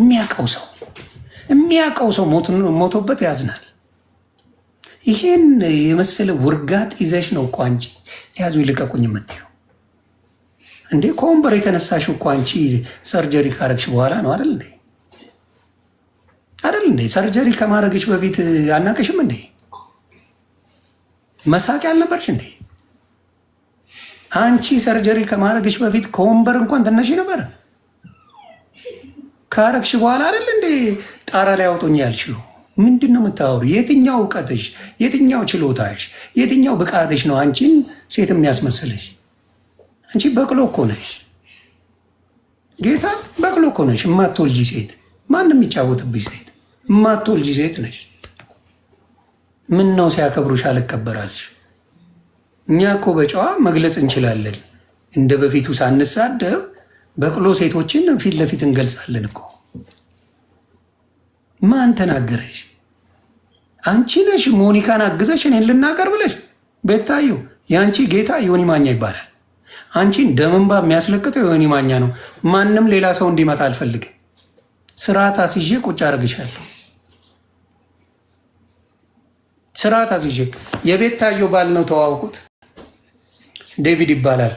የሚያውቀው ሰው የሚያውቀው ሰው ሞቶበት ያዝናል። ይሄን የመሰለ ውርጋጥ ይዘሽ ነው እኮ አንቺ ያዙ ይልቀቁኝ የምትይው እንዴ? ከወንበር የተነሳሽው እኮ አንቺ ሰርጀሪ ካረግሽ በኋላ ነው አይደል እንዴ? አይደል እንዴ? ሰርጀሪ ከማድረግሽ በፊት አናቀሽም እንዴ? መሳቂያ አልነበርሽ እንዴ? አንቺ ሰርጀሪ ከማድረግሽ በፊት ከወንበር እንኳን ትነሽ ነበር። ካረግሽ በኋላ አይደል እንዴ ጣራ ላይ አውጡኝ ያልሽው? ምንድን ነው የምታወሩ? የትኛው እውቀትሽ፣ የትኛው ችሎታሽ፣ የትኛው ብቃትሽ ነው አንቺን ሴት የሚያስመስልሽ? አንቺ በቅሎ እኮ ነሽ ጌታ፣ በቅሎ እኮ ነሽ። የማትወልጂ ሴት፣ ማንም የሚጫወትብሽ ሴት፣ እማትወልጂ ሴት ማንም የሚጫወትብሽ ሴት እማትወልጂ ሴት ነሽ ምን ነው ሲያከብሩሽ አልከበራልሽ? እኛ እኮ በጨዋ መግለጽ እንችላለን። እንደ በፊቱ ሳንሳደብ በቅሎ ሴቶችን ፊት ለፊት እንገልጻለን እኮ ማን ተናገረሽ? አንቺ ነሽ ሞኒካን አግዘሽ እኔን ልናገር ብለሽ። ቤታዩ የአንቺ ጌታ ዮኒ ማኛ ይባላል። አንቺን ደምንባ የሚያስለቅጠው ዮኒ ማኛ ነው። ማንም ሌላ ሰው እንዲመጣ አልፈልግም። ስርዓት አስይዤ ቁጭ አርግሻለሁ። ስርዓት አስይዤ የቤታዮ ባል ነው ተዋውቁት። ዴቪድ ይባላል።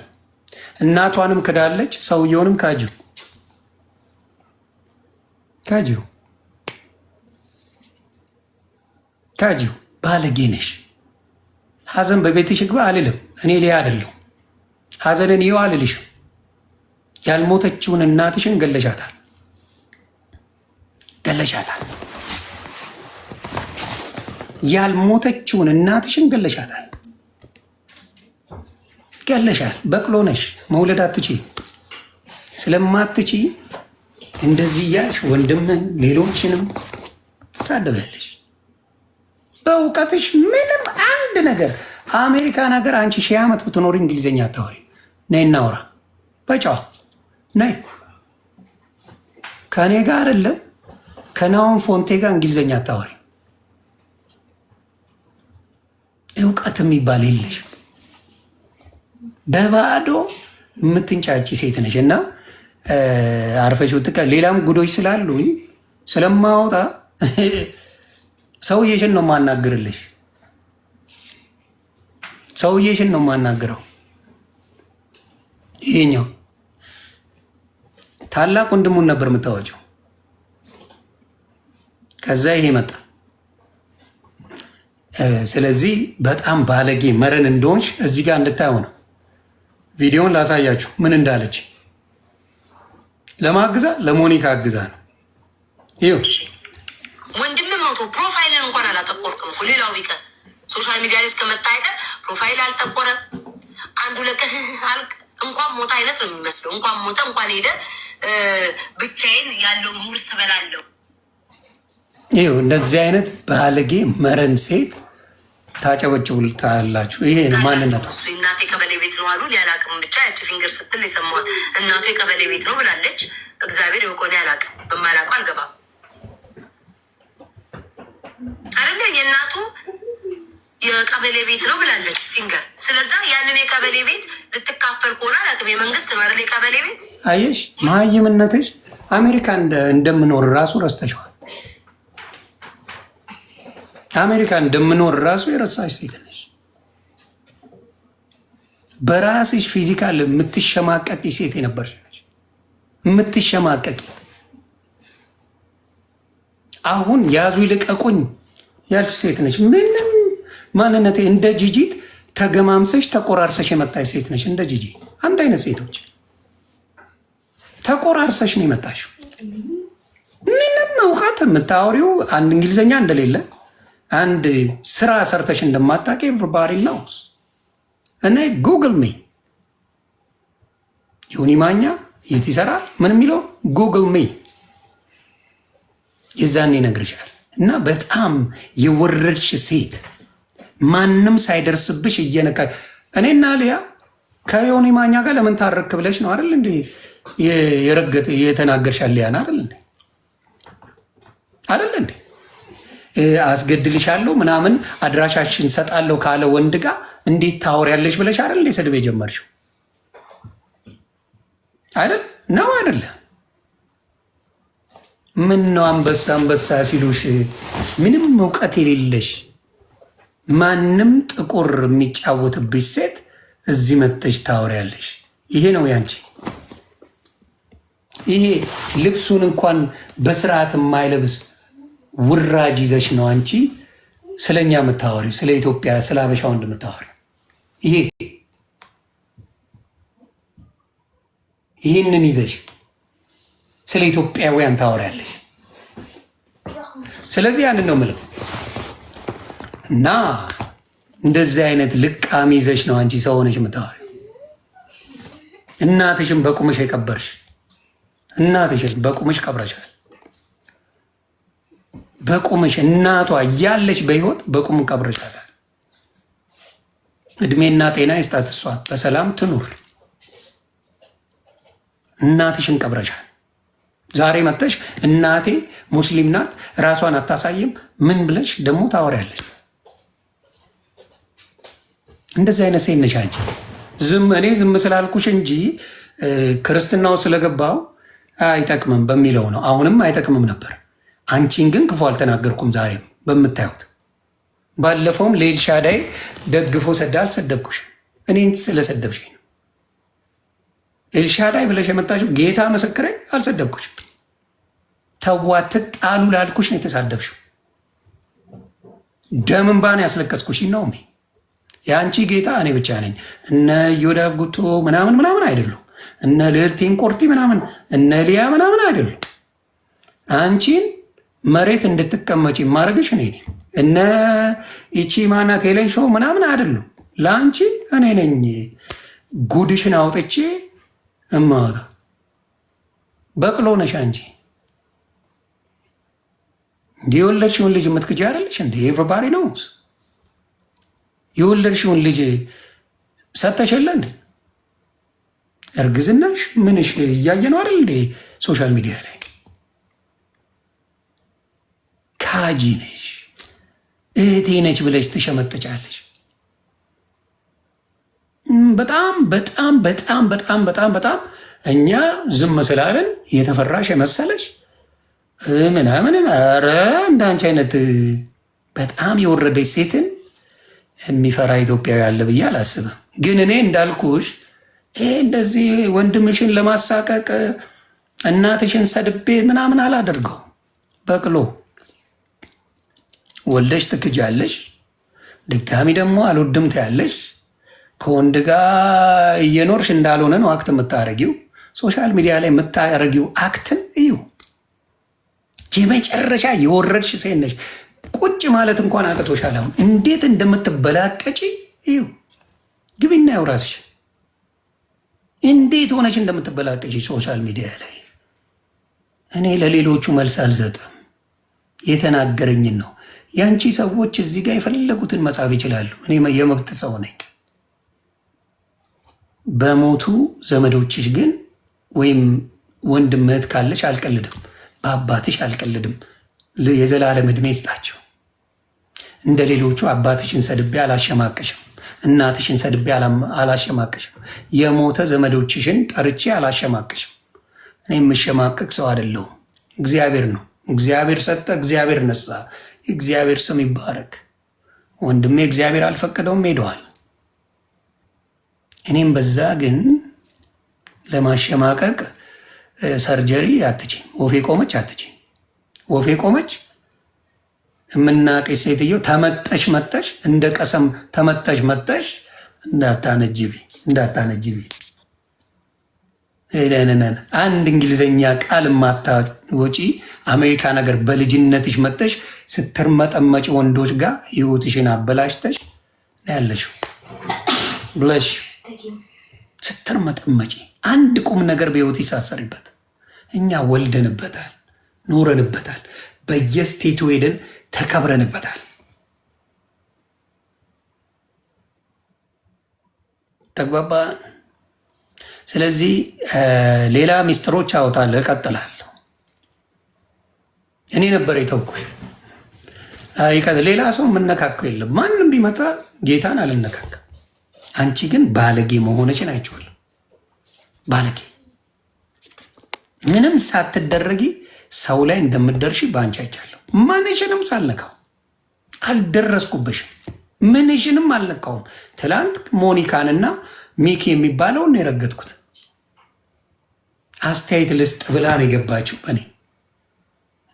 እናቷንም ክዳለች። ሰውየውንም ካጅው ካጅው ታጂ ባለጌ ነሽ። ሀዘን በቤትሽ ግባ አልልም። እኔ ሊያ አይደለሁ። ሀዘንን ይው አልልሽም። ያልሞተችውን እናትሽን ገለሻታል፣ ገለሻታል። ያልሞተችውን እናትሽን ገለሻታል፣ ገለሻል። በቅሎ ነሽ። መውለድ አትችይ። ስለማትችይ እንደዚህ እያልሽ ወንድምን ሌሎችንም ትሳደበል በእውቀትሽ ምንም አንድ ነገር አሜሪካ ነገር አንቺ ሺህ ዓመት ብትኖሪ እንግሊዝኛ አታወሪ። ነይ እናውራ በጨዋ ነይ ከኔ ጋር አይደለም ከናውን ፎንቴ ጋር እንግሊዝኛ አታወሪ። እውቀት የሚባል የለሽ በባዶ የምትንጫጭ ሴት ነሽ። እና አርፈሽ ብትቀ ሌላም ጉዶች ስላሉ ስለማወጣ ሰውዬሽን ነው የማናግርልሽ። ሰውዬሽን ነው የማናግረው። ይሄኛው ታላቅ ወንድሙን ነበር የምታወጪው። ከዛ ይሄ መጣ። ስለዚህ በጣም ባለጌ መረን እንደሆንሽ እዚህ ጋር እንድታየው ነው። ቪዲዮውን ላሳያችሁ ምን እንዳለች። ለማግዛ ለሞኒካ አግዛ ነው ይኸው ፕሮፋይልን እንኳን አላጠቆርክም እኮ ሌላው ቢቀር ሶሻል ሚዲያ ላይ እስከመጣ አይቀር ፕሮፋይል አልጠቆረም። አንዱ ለቀ አልቅ እንኳን ሞታ አይነት ነው የሚመስለው። እንኳን ሞተ እንኳን ሄደ ብቻዬን ያለው ሙር ስበላለው። ይህ እንደዚህ አይነት ባለጌ መረን ሴት ታጨበጭቡልታላችሁ። ይሄ ማንነት እሱ እናቴ ቀበሌ ቤት ነው አሉ ያላቅም ብቻ ያቺ ፊንገር ስትል የሰማሁት እናቱ የቀበሌ ቤት ነው ብላለች። እግዚአብሔር የቆነ ያላቅም በማላቁ አልገባም አይደለ የእናቱ የቀበሌ ቤት ነው ብላለች ፊንገር። ስለዛ ያንን የቀበሌ ቤት ልትካፈል ከሆነ አላውቅም። የመንግስት መርል የቀበሌ ቤት አየሽ፣ መሀይምነትሽ አሜሪካ እንደምኖር ራሱ ረስተሽዋል። አሜሪካ እንደምኖር ራሱ የረሳሽ ሴት ነሽ። በራስሽ ፊዚካል የምትሸማቀቂ ሴት የነበርሽ የምትሸማቀቂ አሁን ያዙ ይልቀቁኝ ያልች ሴት ነች። ምንም ማንነቴ እንደ ጂጂት ተገማምሰሽ ተቆራርሰሽ የመጣሽ ሴት ነች። እንደ ጂጂ አንድ አይነት ሴቶች ተቆራርሰሽ ነው የመጣሽ። ምንም እውቀት የምታወሪው አንድ እንግሊዝኛ እንደሌለ አንድ ስራ ሰርተሽ እንደማታውቂ ኤቭሪባዲ ነው። እኔ ጉግል ሚ ዮኒ ማኛ የት ይሰራል ምን የሚለው ጉግል ሚ የዛኔ ይነግርሻል። እና በጣም የወረድሽ ሴት ማንም ሳይደርስብሽ እየነካ እኔና ሊያ ከዮኒ ማኛ ጋር ለምን ታረክ ብለሽ ነው አይደል? እንደ የረገጥ የተናገርሻል ሊያን አይደል እንዴ? አይደል እንዴ? አስገድልሻለሁ ምናምን አድራሻችን ሰጣለሁ ካለ ወንድ ጋር እንዴት ታወሪያለሽ ብለሽ አይደል እንዴ ስድብ የጀመርሽው አይደል ነው አይደለም? ምን ነው አንበሳ አንበሳ ሲሉሽ ምንም እውቀት የሌለሽ ማንም ጥቁር የሚጫወትብሽ ሴት እዚህ መጥተሽ ታወሪያለሽ። ይሄ ነው ያንቺ። ይሄ ልብሱን እንኳን በስርዓት የማይለብስ ውራጅ ይዘሽ ነው አንቺ ስለ እኛ የምታወሪው፣ ስለ ኢትዮጵያ፣ ስለ አበሻ ወንድ የምታወሪው። ይሄ ይህንን ይዘሽ ስለ ኢትዮጵያውያን ታወሪያለሽ። ስለዚህ ያንን ነው የምለው እና እንደዚህ አይነት ልቃሚ ይዘሽ ነው አንቺ ሰው ሆነሽ የምታወሪ። እናትሽን በቁምሽ የቀበርሽ እናትሽን በቁምሽ ቀብረሻል። በቁምሽ እናቷ እያለች በሕይወት በቁም ቀብረሻታል። እድሜና ጤና ይስጣት፣ እሷ በሰላም ትኑር። እናትሽን ቀብረሻል። ዛሬ መጥተሽ እናቴ ሙስሊም ናት ራሷን አታሳይም ምን ብለሽ ደግሞ ታወሪያለሽ? እንደዚህ አይነት ሴት ነሽ አንቺ። ዝም እኔ ዝም ስላልኩሽ እንጂ ክርስትናው ስለገባው አይጠቅምም በሚለው ነው። አሁንም አይጠቅምም ነበር። አንቺን ግን ክፉ አልተናገርኩም። ዛሬም በምታዩት ባለፈውም ሻዳይ ደግፎ ሰዳ አልሰደብኩሽ። እኔን ስለሰደብሽ ነው ኤልሻዳይ ብለሽ የመጣችው። ጌታ መሰክረኝ አልሰደብኩሽም። ተዋትት ጣሉ ላልኩሽ ነው የተሳደብሽው። ደምን ባን ያስለቀስኩሽ ነው ሜ የአንቺ ጌታ እኔ ብቻ ነኝ። እነ ዮዳ ጉቶ ምናምን ምናምን አይደሉም። እነ ልዕልቴን ቆርቲ ምናምን እነ ሊያ ምናምን አይደሉም። አንቺን መሬት እንድትቀመጭ ማድረግሽ እኔ ነኝ። እነ ይቺ ማናት ሄለን ሾው ምናምን አይደሉም። ለአንቺ እኔ ነኝ ጉድሽን አውጥቼ እማወጣ በቅሎ ነሻ እንጂ እንዲህ የወለድሽውን ልጅ የምትክጅ አይደለሽ? እንደ ኤቨሪባዲ ነው የወለድሽውን ልጅ ሰተሸለን እርግዝናሽ ምንሽ እያየ ነው አይደል? እንደ ሶሻል ሚዲያ ላይ ካጂ ነሽ እህቴ ነች ብለሽ ትሸመጠጫለሽ። በጣም በጣም በጣም በጣም በጣም በጣም እኛ ዝም ስላለን የተፈራሽ የመሰለች ምናምንም ኧረ እንዳንቺ አይነት በጣም የወረደች ሴትን የሚፈራ ኢትዮጵያዊ አለ ብዬ አላስብም። ግን እኔ እንዳልኩሽ ይሄ እንደዚህ ወንድምሽን ለማሳቀቅ እናትሽን ሰድቤ ምናምን አላደርገው። በቅሎ ወልደሽ ትክጃለሽ፣ ድጋሚ ደግሞ አልወድም ትያለሽ። ከወንድ ጋር እየኖርሽ እንዳልሆነ ነው አክት የምታረጊው። ሶሻል ሚዲያ ላይ የምታረጊው አክትን እዩ። የመጨረሻ የወረድሽ ሴት ነሽ። ቁጭ ማለት እንኳን አቅቶሻል። አሁን እንዴት እንደምትበላቀጪ ይኸው፣ ግቢና ያው ራስሽ እንዴት ሆነች እንደምትበላቀጪ ሶሻል ሚዲያ ላይ። እኔ ለሌሎቹ መልስ አልሰጥም፣ የተናገረኝን ነው። ያንቺ ሰዎች እዚህ ጋር የፈለጉትን መጻፍ ይችላሉ። እኔ የመብት ሰው ነኝ። በሞቱ ዘመዶችሽ ግን ወይም ወንድምህት ካለች አልቀልድም። በአባትሽ አልቀልድም፣ የዘላለም ዕድሜ ይስጣቸው። እንደ ሌሎቹ አባትሽን ሰድቤ አላሸማቀሽም፣ እናትሽን ሰድቤ አላሸማቀሽም፣ የሞተ ዘመዶችሽን ጠርቼ አላሸማቀሽም። እኔ የምሸማቀቅ ሰው አይደለሁም። እግዚአብሔር ነው። እግዚአብሔር ሰጠ፣ እግዚአብሔር ነሳ። እግዚአብሔር ስም ይባረክ። ወንድሜ እግዚአብሔር አልፈቀደውም ሄደዋል። እኔም በዛ ግን ለማሸማቀቅ ሰርጀሪ አትች ወፌ ቆመች አትች ወፌ ቆመች የምናቅሽ ሴትዮ ተመጠሽ መጠሽ እንደ ቀሰም ተመጠሽ መጠሽ እንዳታነጅቢ እንዳታነጅቢ። አንድ እንግሊዝኛ ቃል ማታወጪ አሜሪካ ነገር በልጅነትሽ መጠሽ ስትርመጠመጭ ወንዶች ጋር ህይወትሽን አበላሽተሽ ያለሽ ብለሽ ስትርመጠመጪ አንድ ቁም ነገር በህይወት ይሳሰርበት። እኛ ወልደንበታል፣ ኖረንበታል፣ በየስቴቱ ሄደን ተከብረንበታል። ተግባባ። ስለዚህ ሌላ ሚስጥሮች አወጣለሁ፣ እቀጥላለሁ። እኔ ነበር የተውኩሽ። ሌላ ሰው የምነካከው የለም። ማንም ቢመጣ ጌታን አልነካከ። አንቺ ግን ባለጌ መሆነችን አይቼዋለሁ። ባለጌ ምንም ሳትደረጊ ሰው ላይ እንደምደርሺ በአንቺ አይቻለሁ። ማንሽንም ሳልነካው አልደረስኩበሽም፣ ምንሽንም አልነካውም። ትላንት ሞኒካንና ሚኪ የሚባለውን የረገጥኩት። አስተያየት ልስጥ ብላ ነው የገባችው በእኔ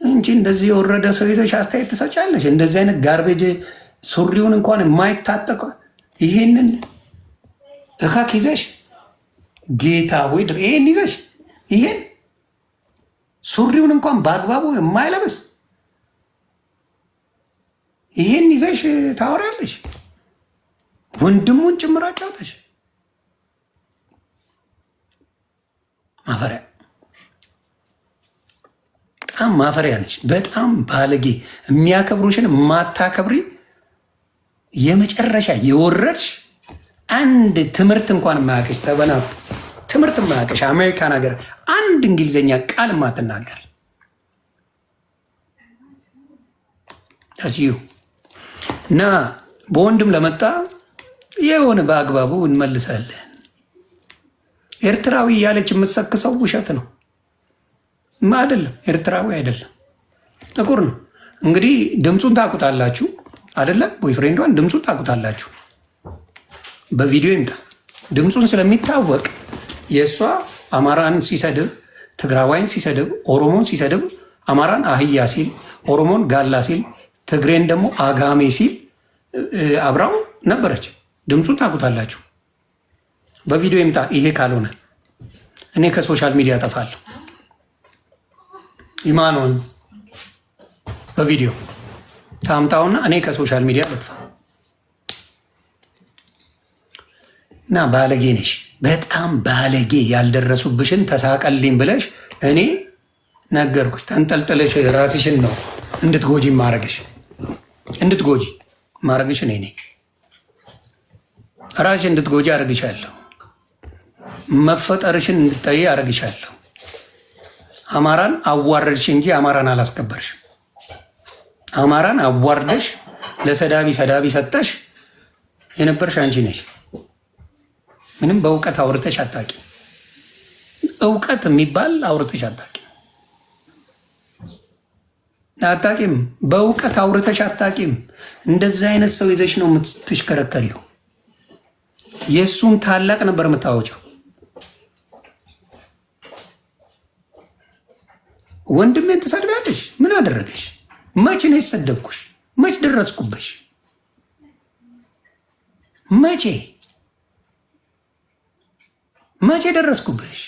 እንጂ እንደዚህ የወረደ ሰው ይዘሽ አስተያየት ትሰጫለሽ? እንደዚህ አይነት ጋርቤጅ ሱሪውን እንኳን የማይታጠቀ ይህንን እካክ ይዘሽ ጌታ ሆይ ይሄን ይዘሽ ይሄን ሱሪውን እንኳን በአግባቡ የማይለብስ ይሄን ይዘሽ ታወሪያለሽ። ወንድሙን ጭምር አጫውተሽ ማፈሪያ፣ በጣም ማፈሪያ ነች። በጣም ባለጌ፣ የሚያከብሩሽን ማታከብሪ፣ የመጨረሻ የወረድሽ አንድ ትምህርት እንኳን የማያውቅሽ ሰበናቱ ትምህርት የማያውቅሽ አሜሪካን ሀገር አንድ እንግሊዝኛ ቃል ማትናገር እና በወንድም ለመጣ የሆነ በአግባቡ እንመልሳለን። ኤርትራዊ እያለች የምትሰክሰው ውሸት ነው። አይደለም ኤርትራዊ አይደለም፣ ጥቁር ነው። እንግዲህ ድምፁን ታቁታላችሁ አደለ? ቦይፍሬንዷን ድምፁን ታቁታላችሁ። በቪዲዮ ይምጣ ድምፁን ስለሚታወቅ የእሷ አማራን ሲሰድብ፣ ትግራዋይን ሲሰድብ፣ ኦሮሞን ሲሰድብ፣ አማራን አህያ ሲል፣ ኦሮሞን ጋላ ሲል፣ ትግሬን ደግሞ አጋሜ ሲል አብራው ነበረች። ድምፁን ታውቁታላችሁ። በቪዲዮ ይምጣ። ይሄ ካልሆነ እኔ ከሶሻል ሚዲያ እጠፋለሁ። ኢማኖን በቪዲዮ ታምጣውና እኔ ከሶሻል ሚዲያ እጠፋ እና ባለጌ ነሽ። በጣም ባለጌ ያልደረሱብሽን ተሳቀልኝ ብለሽ እኔ ነገርኩሽ። ተንጠልጥለሽ ራስሽን ነው እንድትጎጂ ማረግሽ እንድትጎጂ ማረግሽ እኔ ነኝ። ራስሽ እንድትጎጂ አረግሻለሁ። መፈጠርሽን እንድትጠይ አረግሻለሁ። አማራን አዋረድሽ እንጂ አማራን አላስከበርሽ። አማራን አዋርደሽ ለሰዳቢ ሰዳቢ ሰጠሽ የነበርሽ አንቺ ነሽ። ምንም በእውቀት አውርተሽ አታቂ። እውቀት የሚባል አውርተሽ አታቂ አታቂም። በእውቀት አውርተሽ አታቂም። እንደዚህ አይነት ሰው ይዘሽ ነው የምትሽከረከሪው። የእሱም ታላቅ ነበር የምታወጪው። ወንድሜን ትሰድቢያለሽ። ምን አደረገሽ? መች ነው የሰደብኩሽ? መች ደረስኩበሽ? መቼ መቼ ደረስኩብሽ?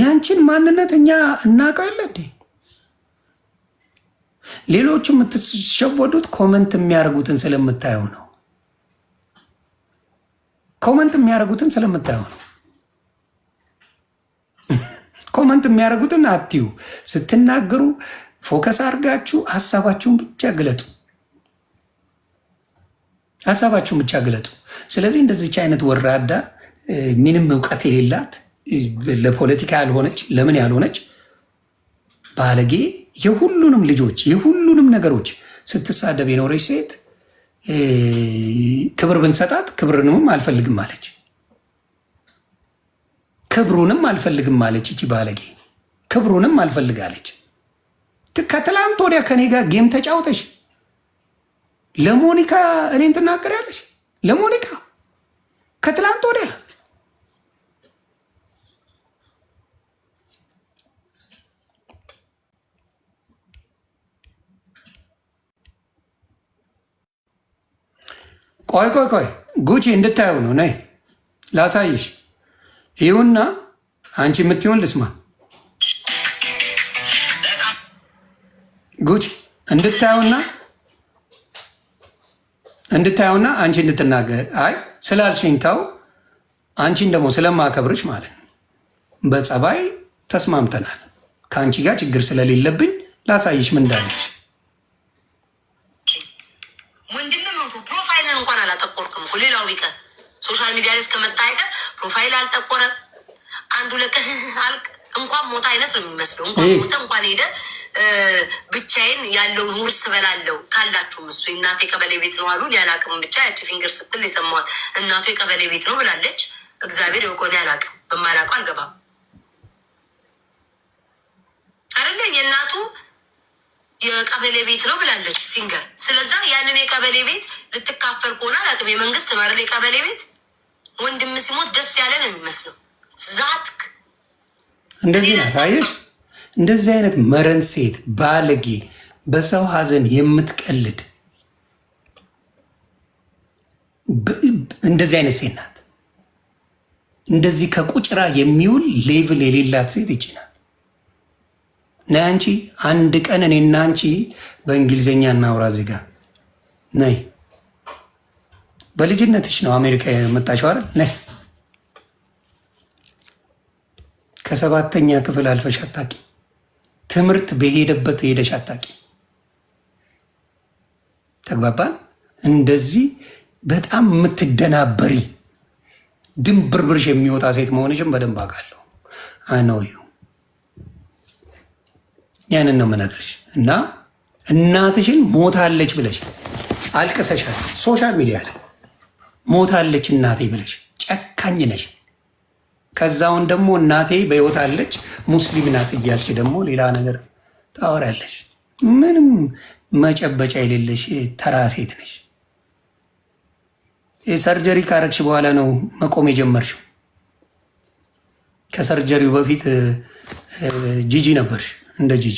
ያንቺን ማንነት እኛ እናውቀው እንዴ? ሌሎቹ የምትሸወዱት ኮመንት የሚያደርጉትን ስለምታየው ነው። ኮመንት የሚያደርጉትን ስለምታየው ነው። ኮመንት የሚያደርጉትን አትዩ። ስትናገሩ ፎከስ አድርጋችሁ ሀሳባችሁን ብቻ ግለጡ። ሀሳባችሁን ብቻ ግለጡ። ስለዚህ እንደዚች አይነት ወራዳ ምንም እውቀት የሌላት ለፖለቲካ ያልሆነች ለምን ያልሆነች ባለጌ የሁሉንም ልጆች የሁሉንም ነገሮች ስትሳደብ የኖረች ሴት ክብር ብንሰጣት ክብርንም አልፈልግም አለች፣ ክብሩንም አልፈልግም አለች። እቺ ባለጌ ክብሩንም አልፈልጋለች። ከትላንት ወዲያ ከኔ ጋር ጌም ተጫውተሽ ለሞኒካ እኔን ትናገሪያለሽ። ለሞኒካ ከትላንት ወዲያ ቆይ ቆይ ቆይ ጉቺ እንድታየው ነው። ነይ ላሳይሽ። ይሁና አንቺ የምትሆን ልስማ። ጉቺ እንድታየውና እንድታየውና አንቺ እንድትናገር አይ ስላልሽኝ ተው፣ አንቺን ደግሞ ስለማከብርሽ ማለት ነው። በጸባይ ተስማምተናል። ከአንቺ ጋር ችግር ስለሌለብኝ ላሳይሽ ምን እንዳለች ፕሮፋይልን እንኳን አላጠቆርክም እኮ ሌላው ቢቀር ሶሻል ሚዲያ ላይ እስከመጣ ፕሮፋይል አልጠቆረም። አንዱ ለቀ አልቅ እንኳን ሞታ አይነት ነው የሚመስለው። እንኳን ሞተ እንኳን ሄደ ብቻዬን ያለውን ውርስ በላለው ካላችሁም እሱ እናቴ ቀበሌ ቤት ነው አሉ ሊያላቅም ብቻ ያቺ ፊንገር ስትል ይሰማዋል። እናቱ የቀበሌ ቤት ነው ብላለች። እግዚአብሔር የቆን ያላቅም በማላቁ አልገባም አይደለ የእናቱ የቀበሌ ቤት ነው ብላለች ፊንገር። ስለዛ ያንን የቀበሌ ቤት ልትካፈል ከሆነ አላቅም የመንግስት ነው አይደለ የቀበሌ ቤት ወንድም ሲሞት ደስ ያለን የሚመስለው ዛትክ እንደዚህ ነው ታየሽ እንደዚህ አይነት መረን ሴት ባለጌ፣ በሰው ሀዘን የምትቀልድ እንደዚህ አይነት ሴት ናት። እንደዚህ ከቁጭራ የሚውል ሌቭል የሌላት ሴት ይቺ ናት። ነይ አንቺ አንድ ቀን እኔና አንቺ በእንግሊዝኛ እናውራ ዜጋ ነይ። በልጅነትሽ ነው አሜሪካ የመጣሽው አይደል? ነይ ከሰባተኛ ክፍል አልፈሽ አታውቂም። ትምህርት በሄደበት ሄደሽ አታቂ። ተግባባን። እንደዚህ በጣም የምትደናበሪ ድንብርብርሽ የሚወጣ ሴት መሆንሽም በደንብ አውቃለሁ። አነው ያንን ነው የምነግርሽ። እና እናትሽን ሞታለች ብለሽ አልቅሰሻል። ሶሻል ሚዲያ ላይ ሞታለች እናቴ ብለሽ ጨካኝ ነሽ። ከዛውን ደግሞ እናቴ በህይወት አለች ሙስሊም ናት እያልሽ ደግሞ ሌላ ነገር ታወራለሽ። ምንም መጨበጫ የሌለሽ ተራ ሴት ነሽ። ሰርጀሪ ካረግሽ በኋላ ነው መቆም የጀመርሽው። ከሰርጀሪው በፊት ጂጂ ነበርሽ። እንደ ጂጂ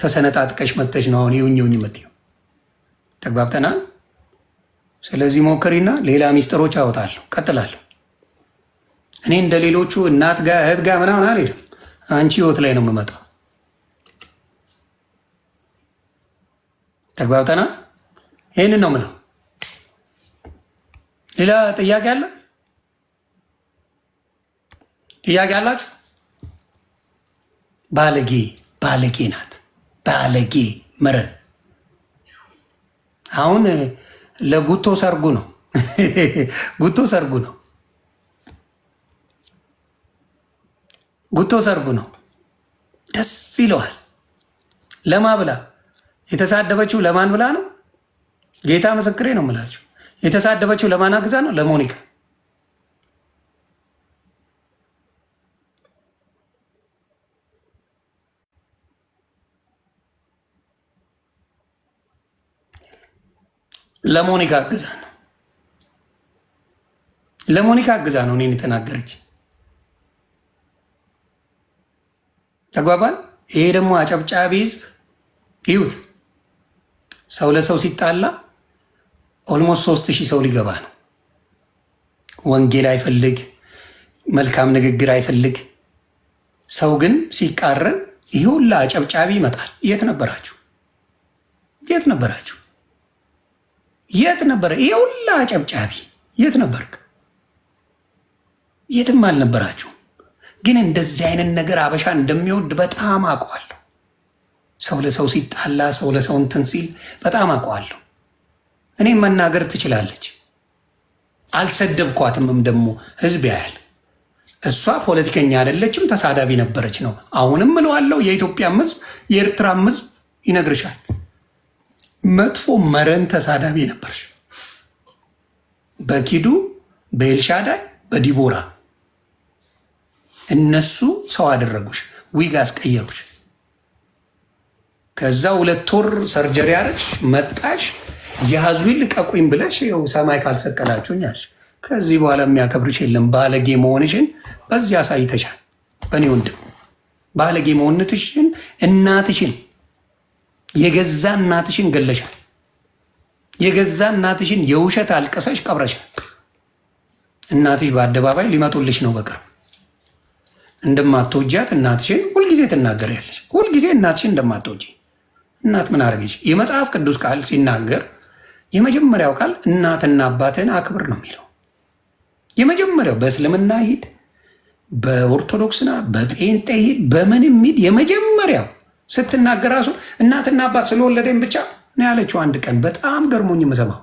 ተሰነጣጥቀሽ መተሽ ነው አሁን ይውኝ ውኝ መት ተግባብተናል። ስለዚህ ሞክሪና ሌላ ሚስጥሮች አወጣለሁ። ቀጥላለሁ እኔ እንደ ሌሎቹ እናት ጋ እህት ጋ ምናምን አልሄድም። አንቺ ህይወት ላይ ነው የምመጣው። ተግባብተና ይህንን ነው ምለው ሌላ ጥያቄ አለ? ጥያቄ አላችሁ? ባለጌ ባለጌ ናት። ባለጌ ምረት አሁን ለጉቶ ሰርጉ ነው ጉቶ ሰርጉ ነው ጉቶ ሰርጉ ነው። ደስ ይለዋል። ለማ ብላ የተሳደበችው ለማን ብላ ነው? ጌታ ምስክሬ ነው የምላችሁ። የተሳደበችው ለማን አግዛ ነው? ለሞኒካ ለሞኒካ አግዛ ነው። ለሞኒካ አግዛ ነው እኔን የተናገረች ተጓባል። ይሄ ደግሞ አጨብጫቢ ህዝብ ይዩት። ሰው ለሰው ሲጣላ ኦልሞስት ሶስት ሺህ ሰው ሊገባ ነው። ወንጌል አይፈልግ፣ መልካም ንግግር አይፈልግ። ሰው ግን ሲቃረን ይህ ሁላ አጨብጫቢ ይመጣል። የት ነበራችሁ? የት ነበራችሁ? የት ነበረ? ይሄ ሁላ አጨብጫቢ የት ነበርክ? የትም አልነበራችሁ። ግን እንደዚህ አይነት ነገር አበሻ እንደሚወድ በጣም አውቀዋለሁ። ሰው ለሰው ሲጣላ፣ ሰው ለሰው እንትን ሲል በጣም አውቀዋለሁ። እኔም መናገር ትችላለች። አልሰደብኳትምም። ደግሞ ህዝብ ያያል። እሷ ፖለቲከኛ አይደለችም፣ ተሳዳቢ ነበረች ነው። አሁንም እለዋለሁ፣ የኢትዮጵያም ህዝብ የኤርትራም ህዝብ ይነግርሻል። መጥፎ መረን ተሳዳቢ ነበርሽ በኪዱ በኤልሻዳይ በዲቦራ እነሱ ሰው አደረጉሽ፣ ዊግ አስቀየሩሽ። ከዛ ሁለት ወር ሰርጀሪ አረግሽ፣ መጣሽ፣ ያዙኝ ልቀቁኝ ብለሽ ው ሰማይ ካልሰቀላችሁኝ አለሽ። ከዚህ በኋላ የሚያከብርሽ የለም። ባለጌ መሆንሽን በዚህ አሳይተሻል። በእኔ ወንድም ባለጌ መሆንትሽን እናትሽን የገዛ እናትሽን ገለሻል። የገዛ እናትሽን የውሸት አልቅሰሽ ቀብረሻል። እናትሽ በአደባባይ ሊመጡልሽ ነው በቅርብ እንደማትወጃት እናትሽን ሁልጊዜ ትናገሪያለሽ። ሁልጊዜ እናትሽን እንደማትወጂ እናት ምን አረገች? የመጽሐፍ ቅዱስ ቃል ሲናገር የመጀመሪያው ቃል እናትና አባትን አክብር ነው የሚለው። የመጀመሪያው በእስልምና ሂድ፣ በኦርቶዶክስና በጴንጤ ሂድ፣ በምንም ሂድ የመጀመሪያው ስትናገር ራሱ እናትና አባት ስለወለደኝ ብቻ ነው ያለችው። አንድ ቀን በጣም ገርሞኝ የምሰማው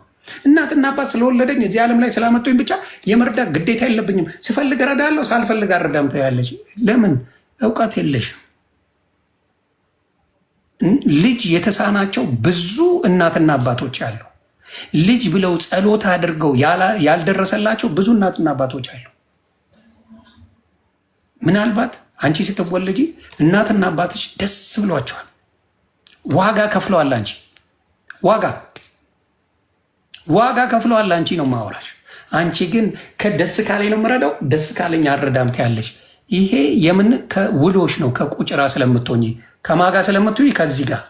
እናትና አባት ስለወለደኝ እዚህ ዓለም ላይ ስላመጡኝ ብቻ የመርዳት ግዴታ የለብኝም። ስፈልግ እረዳለሁ፣ ሳልፈልግ አረዳም ትያለሽ። ለምን? እውቀት የለሽም። ልጅ የተሳናቸው ብዙ እናትና አባቶች አሉ። ልጅ ብለው ጸሎት አድርገው ያልደረሰላቸው ብዙ እናትና አባቶች አሉ። ምናልባት አንቺ ስትወለጂ እናትና አባቶች ደስ ብሏቸዋል። ዋጋ ከፍለዋል። አንቺ ዋጋ ዋጋ ከፍለዋል። አንቺ ነው ማወራሽ። አንቺ ግን ከደስ ካለኝ ነው የምረዳው፣ ደስ ካለኝ አረዳምት ያለሽ። ይሄ የምን ከውሎሽ ነው? ከቁጭራ ስለምትሆኝ ከማጋ ስለምትሆኝ ከዚህ ጋር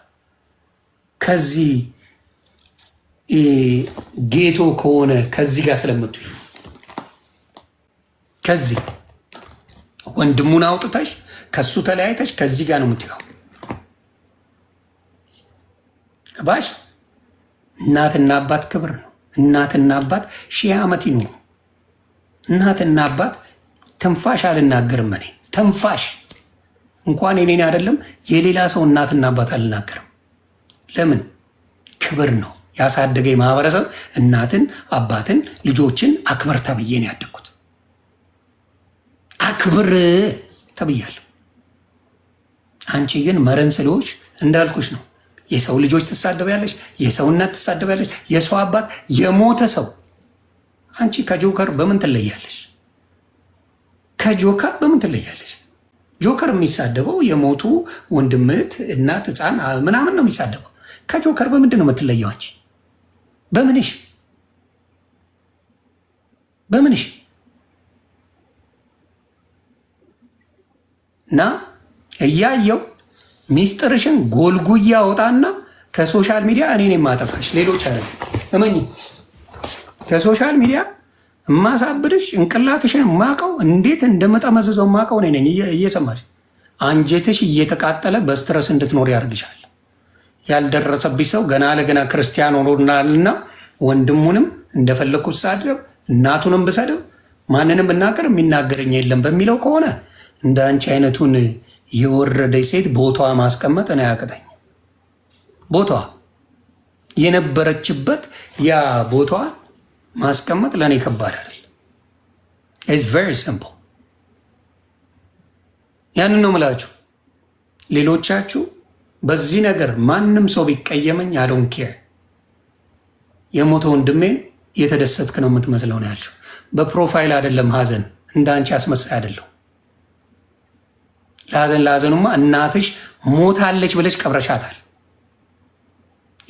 ከዚህ ጌቶ ከሆነ ከዚህ ጋር ስለምትሆኝ ከዚህ ወንድሙን አውጥተሽ ከሱ ተለያይተሽ ከዚህ ጋር ነው የምትይው። ባሽ እናትና አባት ክብር ነው። እናትና አባት ሺህ ዓመት ይኑሩ። እናትና አባት ትንፋሽ አልናገርም። እኔ ትንፋሽ እንኳን የኔን አይደለም የሌላ ሰው እናትና አባት አልናገርም። ለምን? ክብር ነው ያሳደገኝ ማህበረሰብ። እናትን አባትን ልጆችን አክብር ተብዬ ነው ያደግኩት። አክብር ተብያለሁ። አንቺ ግን መረን ስሌዎች እንዳልኩሽ ነው። የሰው ልጆች ትሳደቢያለሽ፣ የሰው እናት ትሳደቢያለሽ፣ የሰው አባት፣ የሞተ ሰው። አንቺ ከጆከር በምን ትለያለሽ? ከጆከር በምን ትለያለሽ? ጆከር የሚሳደበው የሞቱ ወንድምት፣ እናት፣ ህፃን ምናምን ነው የሚሳደበው። ከጆከር በምንድን ነው የምትለየው አንቺ? በምንሽ በምንሽ እና እያየው ሚስጥርሽን ጎልጉያ አውጣና ከሶሻል ሚዲያ እኔን የማጠፋሽ ሌሎች አለ እመኝ ከሶሻል ሚዲያ እማሳብድሽ እንቅላትሽን ማቀው እንዴት እንደመጠመዘዘው ማቀው ነኝ እየሰማሽ አንጀትሽ እየተቃጠለ በስትረስ እንድትኖር ያደርግሻል። ያልደረሰብሽ ሰው ገና ለገና ክርስቲያን ሆኖናልና ወንድሙንም እንደፈለግኩ ሳድረብ እናቱንም ብሰድብ ማንንም ብናገር የሚናገረኝ የለም በሚለው ከሆነ እንደ አንቺ አይነቱን የወረደች ሴት ቦታዋ ማስቀመጥ ነው ያቅተኝ። ቦታዋ የነበረችበት ያ ቦታዋ ማስቀመጥ ለእኔ ከባድ አይደል። ኢትስ ቨሪ ሲምፕል። ያንን ነው ምላችሁ። ሌሎቻችሁ በዚህ ነገር ማንም ሰው ቢቀየመኝ አዶን ኬር። የሞተ ወንድሜን የተደሰትክ ነው የምትመስለው ነው ያልሽው። በፕሮፋይል አይደለም እንደ አንቺ አስመሳይ አይደለሁ ለሐዘን ለሐዘኑማ እናትሽ ሞታለች ብለሽ ቀብረሻታል።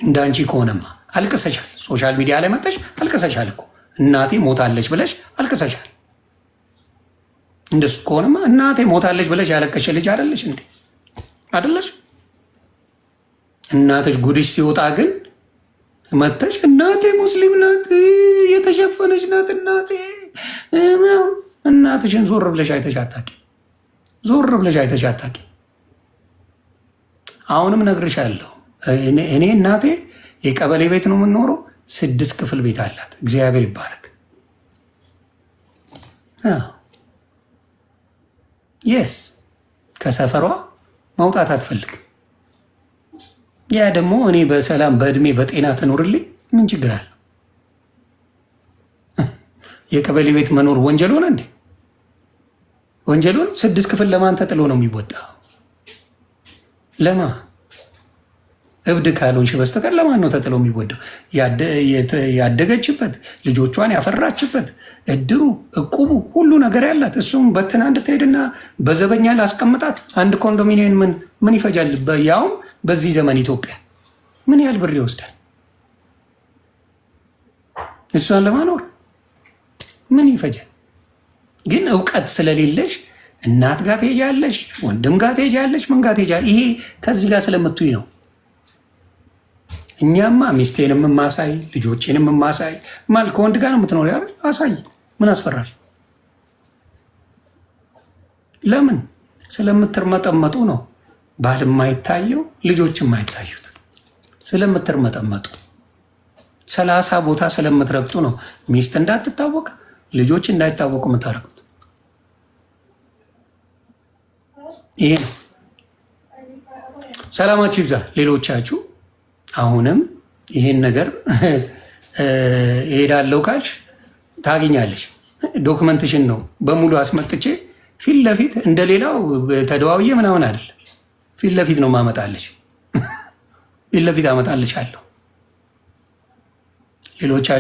እንዳንቺ ከሆነማ አልቅሰሻል። ሶሻል ሚዲያ ላይ መጠሽ አልቅሰሻል እኮ እናቴ ሞታለች ብለሽ አልቅሰሻል። እንደሱ ከሆነማ እናቴ ሞታለች ብለሽ ያለቀሸ ልጅ አደለሽ እንዴ? አደለሽ? እናትሽ ጉድሽ ሲወጣ ግን መተሽ እናቴ ሙስሊም ናት፣ የተሸፈነች ናት እናቴ እናትሽን ዞር ብለሽ አይተሽ አታውቂም። ዞር ብለሽ አይተሽ አሁንም አሁንም እነግርሻለሁ። እኔ እናቴ የቀበሌ ቤት ነው የምንኖረው። ስድስት ክፍል ቤት አላት። እግዚአብሔር ይባረክ። የስ ከሰፈሯ መውጣት አትፈልግም። ያ ደግሞ እኔ በሰላም በእድሜ በጤና ትኖርልኝ ምን ችግር አለ? የቀበሌ ቤት መኖር ወንጀል ሆነ እንዴ? ወንጀሉን ስድስት ክፍል ለማን ተጥሎ ነው የሚወጣ? ለማ እብድ ካልሆንሽ በስተቀር ለማን ነው ተጥሎ የሚወደው? ያደገችበት ልጆቿን ያፈራችበት እድሩ እቁቡ ሁሉ ነገር ያላት እሱም በትና ትሄድና በዘበኛ ላስቀምጣት አንድ ኮንዶሚኒየም ምን ምን ይፈጃል? ያውም በዚህ ዘመን ኢትዮጵያ ምን ያህል ብር ይወስዳል? እሷን ለማኖር ምን ይፈጃል? ግን እውቀት ስለሌለሽ እናት ጋር ትሄጃለሽ፣ ወንድም ጋር ትሄጃለሽ፣ ምን ጋር ትሄጃለሽ። ይሄ ከዚህ ጋር ስለምትይ ነው። እኛማ ሚስቴንም ማሳይ ልጆቼንም ማሳይ ማለት ከወንድ ጋር ነው የምትኖር ያሉ አሳይ። ምን አስፈራል? ለምን ስለምትርመጠመጡ ነው። ባል የማይታየው ልጆች የማይታዩት ስለምትርመጠመጡ፣ ሰላሳ ቦታ ስለምትረግጡ ነው። ሚስት እንዳትታወቅ ልጆች እንዳይታወቁ ምታረግ ይሄ ነው። ሰላማችሁ ይብዛ። ሌሎቻችሁ አሁንም ይሄን ነገር እሄዳለሁ ካልሽ ታገኛለሽ። ዶክመንትሽን ነው በሙሉ አስመጥቼ ፊት ለፊት እንደሌላው ተደዋውዬ ምናምን አይደል፣ ፊት ለፊት ነው ማመጣለች። ፊት ለፊት አለው ሌሎቻ